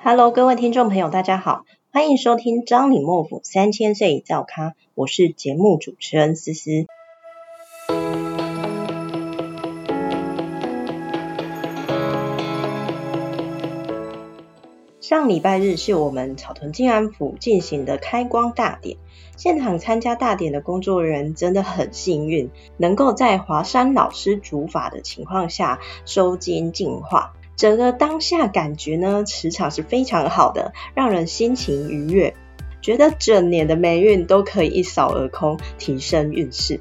Hello，各位聽眾朋友，大家好，歡迎收聽張李莫府三千歲造咖，我是節目主持人思思。 上禮拜日是我們草屯靜安府進行的開光大典，現場參加大典的工作人員真的很幸運，能夠在華山老師主法的情況下收金淨化。整個當下感覺呢，磁場是非常好的，讓人心情愉悅，覺得整年的霉運都可以一掃而空，提升運勢。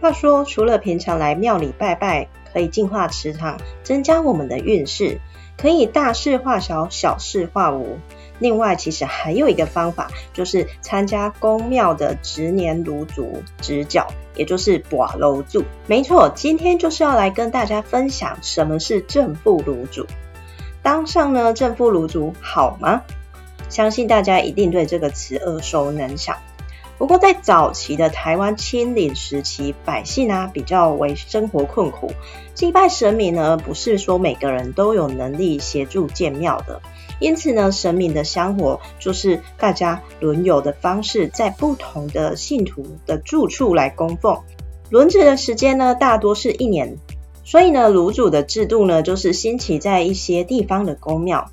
話說，除了平常來廟裡拜拜，可以淨化磁場，增加我們的運勢，可以大事化小，小事化無。另外，其實還有一個方法，就是參加宮廟的值年爐主擲筊，也就是跋爐主。沒錯，今天就是要來跟大家分享什麼是正副爐主。當上呢正副爐主好嗎？相信大家一定對這個詞耳熟能詳。不過，在早期的台灣清領時期，百姓啊比較為生活困苦，祭拜神明呢不是說每個人都有能力協助建廟的，因此呢，神明的香火就是大家輪流的方式，在不同的信徒的住處來供奉，輪值的時間呢大多是一年，所以呢，爐主的制度呢就是興起在一些地方的公廟。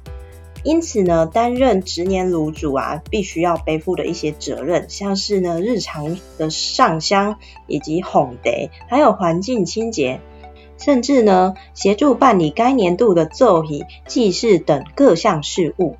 因此呢，擔任值年爐主啊，必須要背負的一些責任，像是呢，日常的上香以及奉茶，還有環境清潔，甚至呢，協助辦理該年度的奏儀、祭祀等各項事務。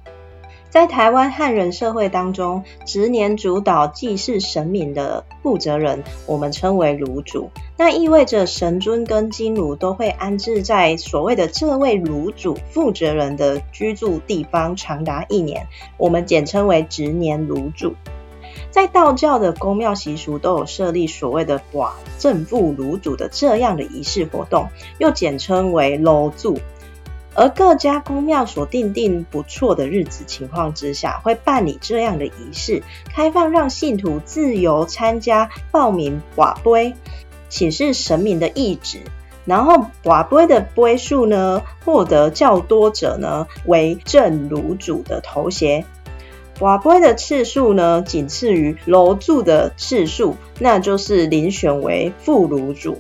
在台灣漢人社會當中，值年主導祭祀神明的負責人，我們稱為爐主。那意味着神尊跟金爐都會安置在所謂的這位爐主負責人的居住地方，長達一年。我們簡稱為值年爐主。在道教的宮廟習俗，都有設立所謂的寡正副爐主的這樣的儀式活動，又簡稱為爐主。而各家宮廟所訂定不錯的日子情況之下，會辦理這樣的儀式，開放讓信徒自由參加報名瓦杯，請示神明的意旨。然後瓦杯的杯數呢，獲得較多者呢為正爐主的頭銜。瓦杯的次數呢，僅次於爐主的次數，那就是遴選為副爐主。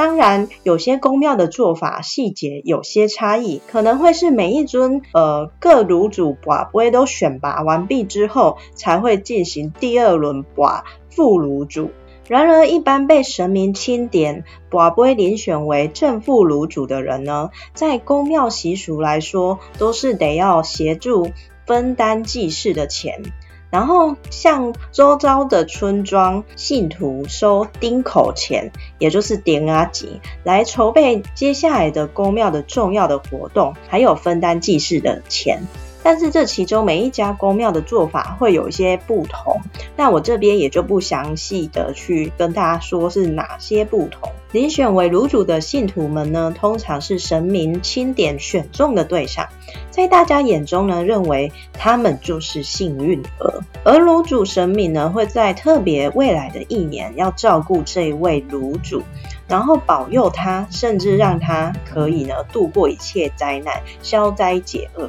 當然，有些宮廟的做法細節有些差異，可能會是每一尊呃各爐主把杯都選拔完畢之後，才會進行第二輪把副爐主。然而，一般被神明欽點把杯遴選為正副爐主的人呢，在宮廟習俗來說，都是得要協助分擔祭祀的錢。然後像周遭的村莊信徒收丁口錢，也就是點阿吉，來籌備接下來的宮廟的重要的活動，還有分擔祭祀的錢。但是這其中每一家宮廟的做法會有一些不同，那我這邊也就不詳細的去跟大家說，是哪些不同。遴選為爐主的信徒們呢，通常是神明欽點選中的對象，在大家眼中呢，認為他們就是幸運兒。而爐主神明呢，會在特別未來的一年要照顧這一位爐主，然後保佑他，甚至讓他可以呢度過一切災難，消災解厄。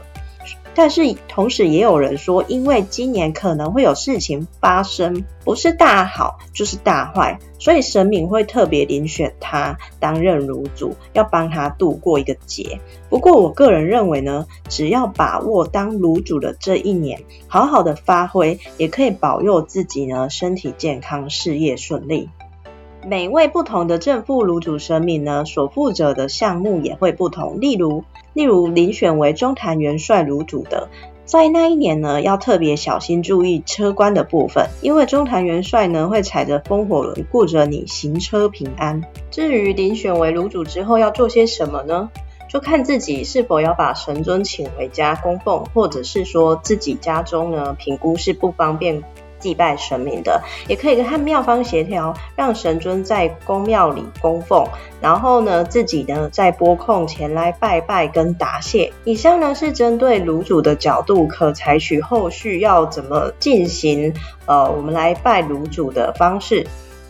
但是同時也有人說，因為今年可能會有事情發生，不是大好就是大壞，所以神明會特別遴選他擔任爐主，要幫他度過一個劫。不過我個人認為呢，只要把握當爐主的這一年，好好的發揮，也可以保佑自己呢身體健康，事業順利。每位不同的正副爐主神明呢，所負責的項目也會不同，例如。例如，遴選為中壇元帥爐主的，在那一年呢，要特別小心注意車關的部分，因為中壇元帥呢會踩着風火輪顧着你行車平安。至於遴選為爐主之後要做些什麼呢？就看自己是否要把神尊請回家供奉，或者是說自己家中呢評估是不方便。祭拜神明的，也可以跟廟方協調，讓神尊在公廟裡供奉，然後呢，自己呢在撥空前來拜拜跟答謝。以上呢是針對爐主的角度，可採取後續要怎麼進行，呃，我們來拜爐主的方式。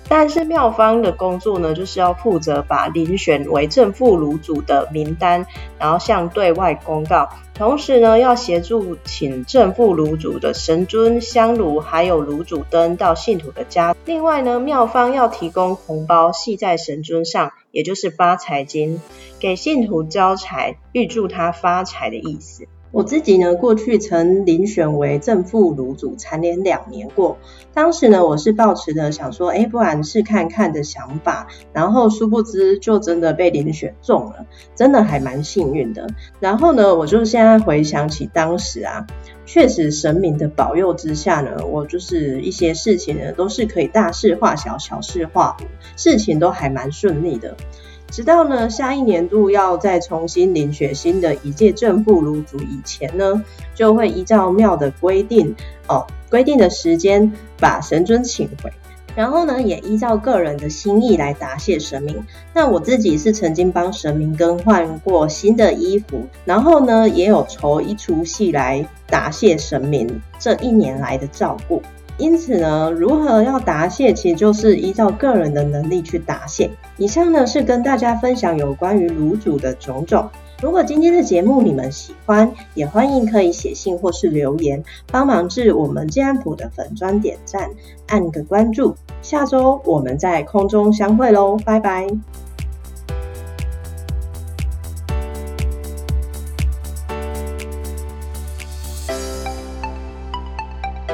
但是廟方的工作呢，就是要負責把遴選為正副爐主的名單，然後向對外公告，同時呢，要協助請正副爐主的神尊香爐，還有爐主燈到信徒的家。另外呢，廟方要提供紅包繫在神尊上，也就是發財金，給信徒招財，預祝他發財的意思。我自己呢，過去曾遴選為正副爐主，蟬聯兩年過。當時呢，我是抱持着想說，誒、欸、不然是看看的想法。然後殊不知，就真的被遴選中了，真的還蠻幸運的。然後呢，我就現在回想起當時啊，確實神明的保佑之下呢，我就是一些事情呢，都是可以大事化小，小事化無，事情都還蠻順利的。直到呢，下一年度要再重新遴選新的一屆正副爐主以前呢，就會依照廟的規定哦，規定的時間把神尊請回，然後呢，也依照個人的心意來答謝神明。那我自己是曾經幫神明更換過新的衣服，然後呢，也有酬一出戲來答謝神明這一年來的照顧。因此呢，如何要答謝，其實就是依照個人的能力去答謝。以上呢是跟大家分享有關於爐主的種種。如果今天的節目你們喜歡，也歡迎可以寫信或是留言，幫忙至我們健安普的粉專點讚，按個關注。下周我們在空中相會嘍，拜拜。